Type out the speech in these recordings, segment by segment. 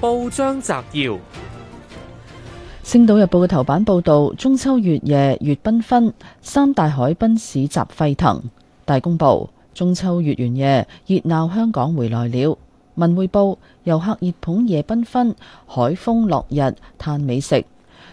報章摘要：《星島日報》嘅頭版報道中秋月夜月繽紛，三大海濱市集沸騰。大公報：中秋月圓夜熱鬧，熱鬧香港回來了。文匯報：遊客熱捧夜繽紛，海風落日嘆美食。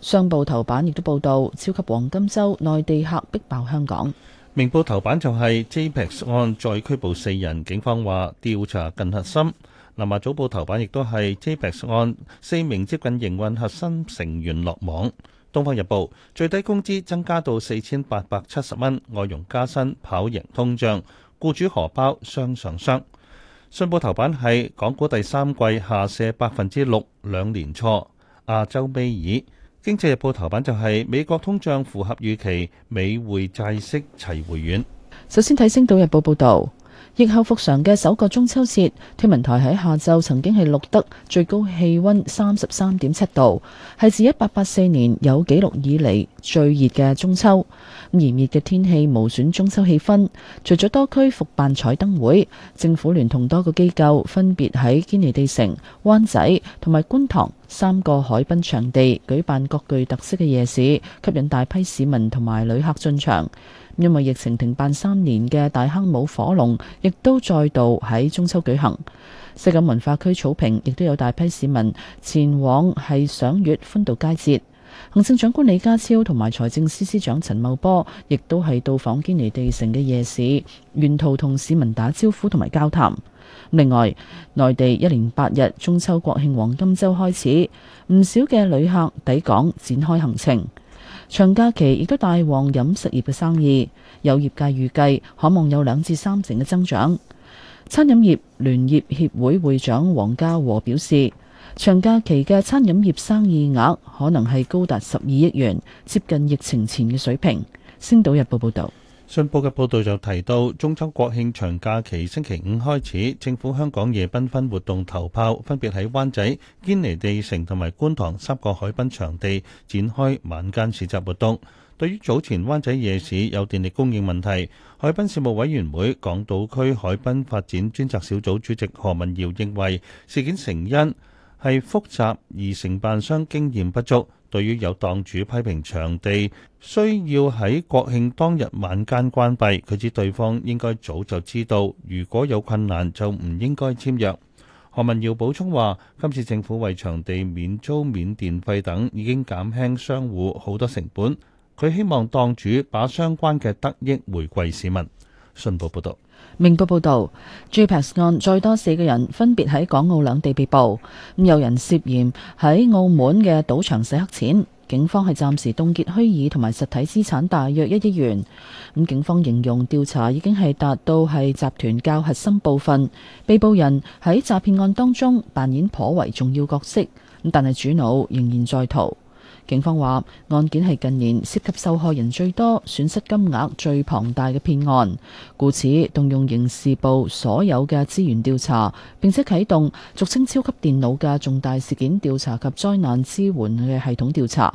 商報頭版亦都報道超級黃金周，內地客逼爆香港。明報頭版就係 JPEX 案再拘捕四人，警方話調查更核心。《南華早報》頭版亦都係 JPEX 案，四名接近營運核心成員落網。《東方日報》最低工資增加到四千八百七十蚊，外傭加薪跑贏通脹，雇主荷包雙上雙。《信報》頭版係港股第三季下瀉百分之六，兩年初亞洲尾二。《經濟日報》頭版就係美國通脹符合預期，美匯債息齊回軟。首先睇《星島日報》報道。疫後復常嘅首個中秋節，天文台喺下晝曾經係錄得最高氣溫三十三點七度，係自一八八四年有記錄以嚟最熱嘅中秋。炎熱嘅天氣無損中秋氣氛，除咗多區復辦彩燈會，政府聯同多個機構分別喺堅尼地城、灣仔同埋觀塘。三個海濱場地舉辦各具特色嘅夜市，吸引大批市民同埋旅客進場。因為疫情停辦三年嘅大坑舞火龍，亦都再度喺中秋舉行。西九文化區草坪亦都有大批市民前往係賞月歡度佳節。行政長官李家超同埋財政司司長陳茂波，亦都係到訪堅尼地城嘅夜市，沿途同市民打招呼同埋交談。另外，內地一連八日中秋國慶黃金周開始，唔少嘅旅客抵港展開行程。長假期亦都帶旺飲食業嘅生意，有業界預計，可望有兩至三成嘅增長。餐飲業聯業協會會長黃家和表示，長假期嘅餐飲業生意額可能係高達十二億元，接近疫情前嘅水平。星島日報報道。信報嘅報導就提到，中秋國慶長假期星期五開始，政府香港夜繽紛活動頭炮，分別喺灣仔、堅尼地城同埋觀塘三個海濱場地展開晚間市集活動。對於早前灣仔夜市有電力供應問題，海濱事務委員會港島區海濱發展專責小組主席何文堯認為，事件成因係複雜而承辦商經驗不足。對於有檔主批評場地需要喺國慶當日晚間關閉，佢指對方應該早就知道，如果有困難就唔應該簽約。何文耀補充話：今次政府為場地免租免電費等，已經減輕商戶好多成本。佢希望檔主把相關嘅得益回饋市民。信報報導，明報報道，GPS 案再多四個人分別喺港澳兩地被捕，咁有人涉嫌喺澳門嘅賭場洗黑錢，警方係暫時凍結虛擬同埋實體資產大約一億元。咁警方形容調查已經係達到係集團較核心部分，被捕人喺詐騙案當中扮演頗為重要角色，咁但係主腦仍然在逃。警方話案件係近年涉及受害人最多、損失金額最龐大嘅騙案，故此動用刑事部所有嘅資源調查，並且啟動俗稱超級電腦嘅重大事件調查及災難支援嘅系統調查。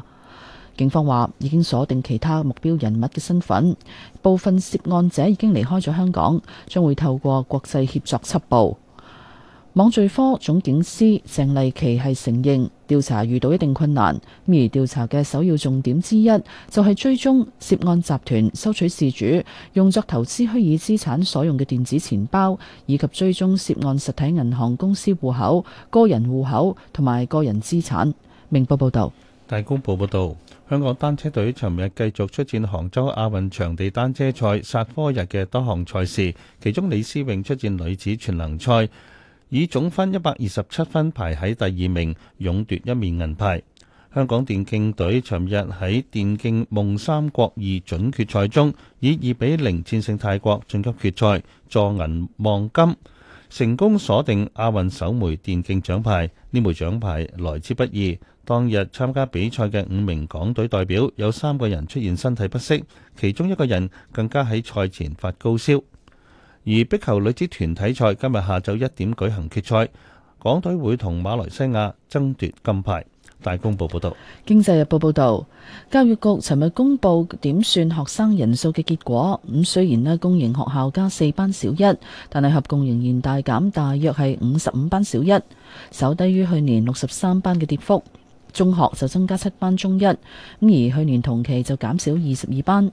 警方話已經鎖定其他目標人物嘅身份，部分涉案者已經離開咗香港，將會透過國際協作緝捕。網罪科總警司鄭麗琪係承認調查遇到一定困難，而調查嘅首要重點之一就係、是、追蹤涉案集團收取事主用作投資虛擬資產所用嘅電子錢包，以及追蹤涉案實體銀行公司戶口、個人戶口同埋個人資產。明報報道，大公報報道，香港單車隊尋日繼續出戰杭州亞運場地單車賽，殺科日嘅多項賽事，其中李思穎出戰女子全能賽，以總分一百二十七分排喺第二名，勇奪一面銀牌。香港電競隊尋日喺電競夢三國二準決賽中，以二比零戰勝泰國，晉級決賽，助銀望金，成功鎖定亞運首枚電競獎牌。呢枚獎牌來之不易，當日參加比賽嘅五名港隊代表有三個人出現身體不適，其中一個人更加喺賽前發高燒。而壁球女子團體賽今日下晝一點舉行決賽，港隊會同馬來西亞爭奪金牌。大公報報道，經濟日報報道，教育局尋日公布點算學生人數嘅結果。咁雖然咧公營學校加四班小一，但係合共仍然大減，大約係五十五班小一，稍低於去年六十三班嘅跌幅。中學就增加七班中一，而去年同期就減少二十二班。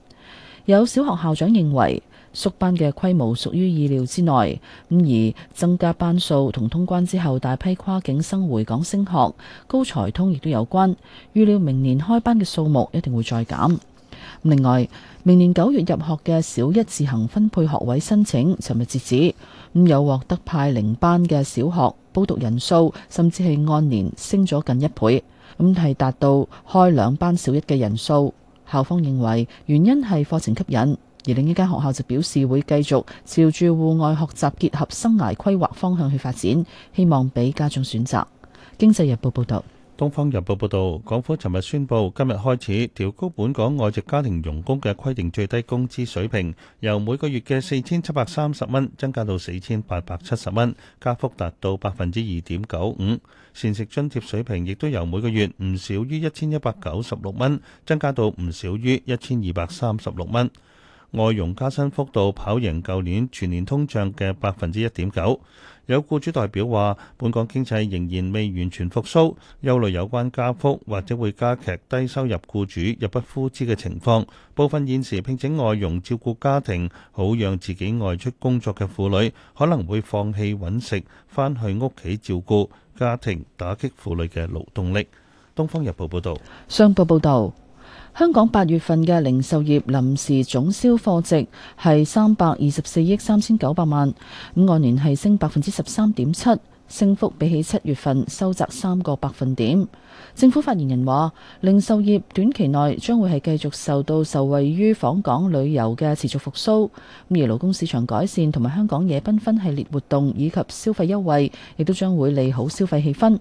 有小學校長認為。縮班嘅規模屬於意料之內，咁而增加班數同通關之後大批跨境生回港升學、高才通亦都有關。預料明年開班嘅數目一定會再減。另外，明年九月入學嘅小一自行分配學位申請，尋日截止，咁有獲得派零班嘅小學報讀人數，甚至係按年升咗近一倍，咁係達到開兩班小一嘅人數。校方認為原因係課程吸引。而另一間學校就表示會繼續朝住戶外學習結合生涯規劃方向去發展，希望俾家長選擇。經濟日報報道。東方日報報道，港府尋日宣布，今日開始調高本港外籍家庭傭工嘅規定最低工資水平，由每個月嘅四千七百三十蚊增加到四千八百七十蚊，加幅達到百分之二點九五。膳食津貼水平亦都由每個月唔少於一千一百九十六蚊增加到唔少於一千二百三十六蚊。外傭加薪幅度跑贏舊年全年通脹嘅百分之一點九。有僱主代表話，本港經濟仍然未完全復蘇，憂慮有關加幅或者會加劇低收入僱主入不敷支嘅情況。部分現時聘請外傭照顧家庭，好讓自己外出工作嘅婦女，可能會放棄揾食，翻去屋企照顧家庭，打擊婦女嘅勞動力。《東方日報》報道，《商報》報道。香港八月份嘅零售業臨時總銷貨值係三百二十四億三千九百萬，咁按年係升百分之十三點七。升幅比起七月份收窄三個百分點。政府發言人話，零售業短期內將會係繼續受到受惠於訪港旅遊嘅持續復蘇，而勞工市場改善同埋香港夜繽紛系列活動以及消費優惠，亦都將會利好消費氣氛。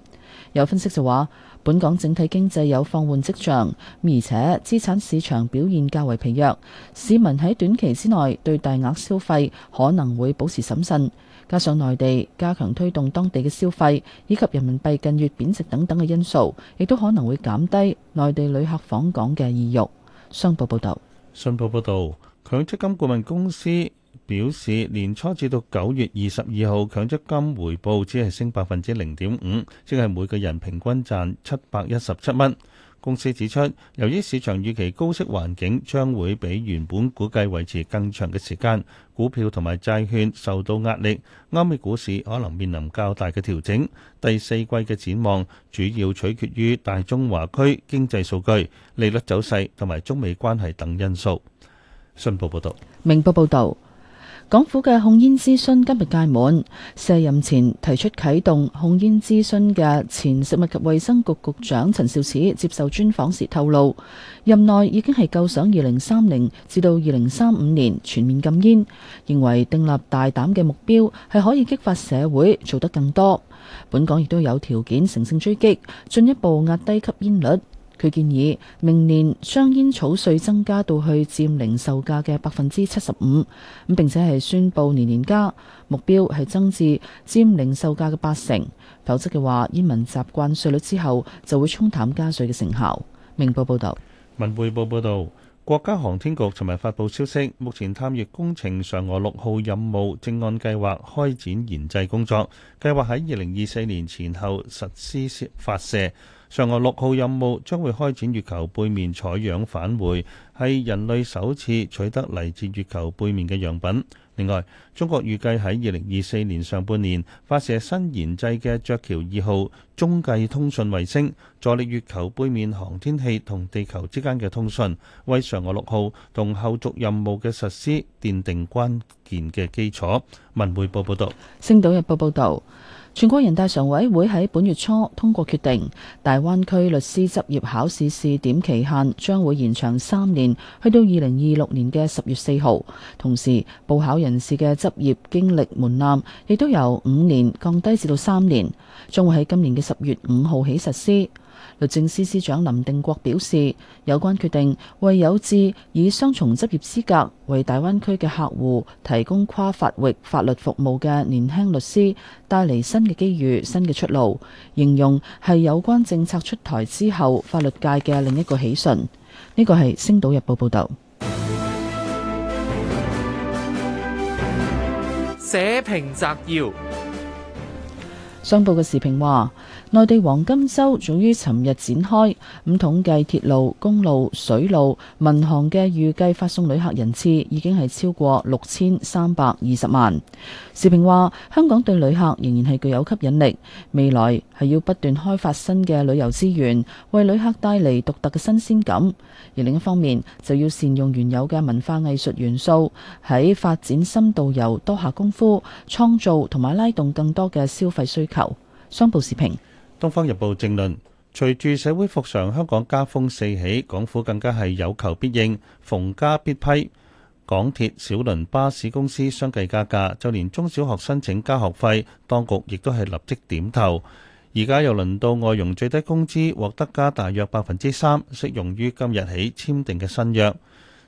有分析就話本港整體經濟有放緩跡象，而且資產市場表現較為疲弱，市民喺短期之內對大額消費可能會保持審慎。加上內地加強推動當地嘅消費，以及人民幣近月貶值等等嘅因素，亦都可能會減低內地旅客訪港嘅意欲。商報報道。信報報道，強積金顧問公司表示，年初至到九月二十二號，強積金回報只係升百分之零點五，即係每個人平均賺七百一十七蚊。公司指出，由於市場預期高息環境將會比原本估計維持更長嘅時間，股票同埋債券受到壓力，歐美股市可能面臨較大嘅調整。第四季嘅展望主要取決於大中華區經濟數據、利率走勢同埋中美關係等因素。信報報導，明報報導。港府嘅控煙諮詢今日屆滿。卸任前提出啟動控煙諮詢嘅前食物及衛生局局長陳肇始接受專訪時透露，任內已經係構想二零三零至到二零三五年全面禁煙，認為訂立大膽嘅目標係可以激發社會做得更多。本港亦都有條件乘勝追擊，進一步壓低吸煙率。佢建議明年將煙草稅增加到去佔零售價嘅百分之七十五，咁並且係宣布年年加目標係增至佔零售價嘅八成，否則嘅話煙民習慣稅率之後就會沖淡加稅嘅成效。明報報導，文匯報報導，國家航天局尋日發布消息，目前探月工程嫦娥六號任務正按計劃開展研製工作，計劃喺二零二四年前後實施發射。嫦娥六號任務將會開展月球背面採樣返回，係人類首次取得嚟自月球背面嘅樣品。另外，中國預計喺二零二四年上半年發射新研製嘅「雀橋二號」中繼通訊衛星，助力月球背面航天器同地球之間嘅通訊，為嫦娥六號同後續任務嘅實施奠定關鍵嘅基礎。文匯報報道。星島日報報道。全國人大常委會喺本月初通過決定，大灣區律師執業考試試點期限將會延長三年，去到二零二六年嘅十月四號。同時，報考人士嘅執業經歷門檻亦都由五年降低至到三年，將會喺今年嘅十月五號起實施。律政司司長林定國表示，有關決定為有志以雙重執業資格為大灣區嘅客戶提供跨法域法律服務嘅年輕律師帶嚟新嘅機遇、新嘅出路，形容係有關政策出台之後法律界嘅另一個喜訊。呢個係《星島日報》報道。社評摘要：商報嘅時評話。內地黃金周早於尋日展開，咁統計鐵路、公路、水路、民航嘅預計發送旅客人次已經係超過六千三百二十萬。時評話：香港對旅客仍然係具有吸引力，未來係要不斷開發新嘅旅遊資源，為旅客帶嚟獨特嘅新鮮感。而另一方面，就要善用原有嘅文化藝術元素，喺發展深度遊多下功夫，創造同埋拉動更多嘅消費需求。商報時評。《東方日報》政論：隨住社會復常，香港加風四起，港府更加係有求必應，逢加必批。港鐵、小輪、巴士公司相繼加價，就連中小學申請加學費，當局亦都係立即點頭。而家又輪到外傭最低工資獲得加大約百分之三，適用於今日起簽訂嘅新約。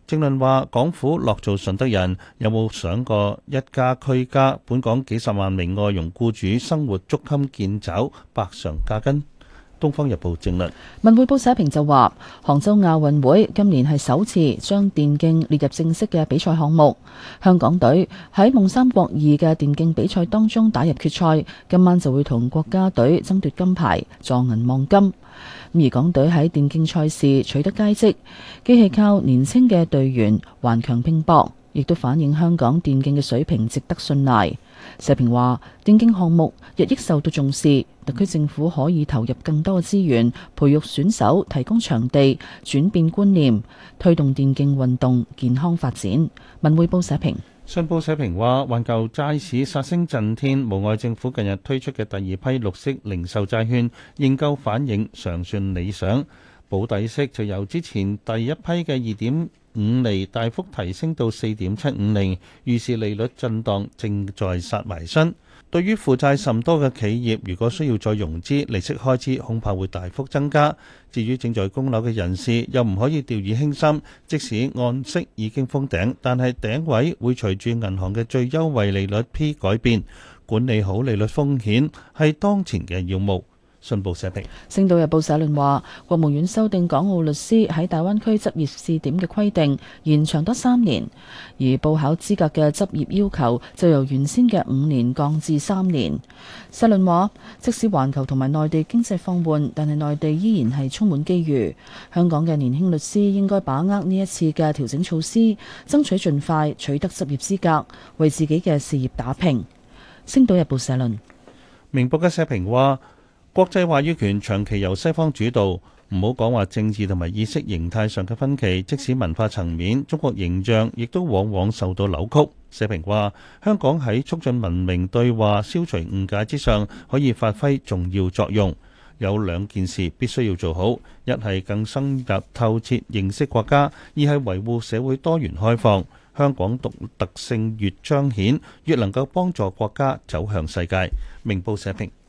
正論話，港府樂做順德人，有冇想過一家區家，本港幾十萬名外傭雇主生活捉襟見肘，百上加斤？《東方日報》正論文匯報社評就話：杭州亞運會今年係首次將電競列入正式嘅比賽項目。香港隊喺夢三國二嘅電競比賽當中打入決賽，今晚就會同國家隊爭奪金牌、助銀、望金。而港隊喺電競賽事取得佳績，機器靠年輕嘅隊員頑強拼搏。亦都反映香港電競嘅水平值得信賴。社評話，電競項目日益受到重視，特區政府可以投入更多嘅資源，培育選手，提供場地，轉變觀念，推動電競運動健康發展。文匯報社評。信報社評話，環球債市殺聲震天，無礙政府近日推出嘅第二批綠色零售債券，認購反應尚算理想，保底息就由之前第一批嘅二點。五厘大幅提升到四點七五厘，預示利率震盪正在殺埋身。對於負債甚多嘅企業，如果需要再融資，利息開支恐怕會大幅增加。至於正在供樓嘅人士，又唔可以掉以輕心。即使按息已經封頂，但係頂位會隨住銀行嘅最優惠利率 P 改變，管理好利率風險係當前嘅要務。信報社評，《星島日報》社論話，國務院修訂港澳律師喺大灣區執業試點嘅規定，延長多三年，而報考資格嘅執業要求就由原先嘅五年降至三年。社論話，即使環球同埋內地經濟放緩，但係內地依然係充滿機遇。香港嘅年輕律師應該把握呢一次嘅調整措施，爭取盡快取得執業資格，為自己嘅事業打拼。《星島日報》社論，《明報》嘅社評話。國際話語權長期由西方主導，唔好講話政治同埋意識形態上嘅分歧，即使文化層面，中國形象亦都往往受到扭曲。社評話，香港喺促進文明對話、消除誤解之上，可以發揮重要作用。有兩件事必須要做好：一係更深入透徹認識國家；二係維護社會多元開放。香港獨特性越彰顯，越能夠幫助國家走向世界。明報社評。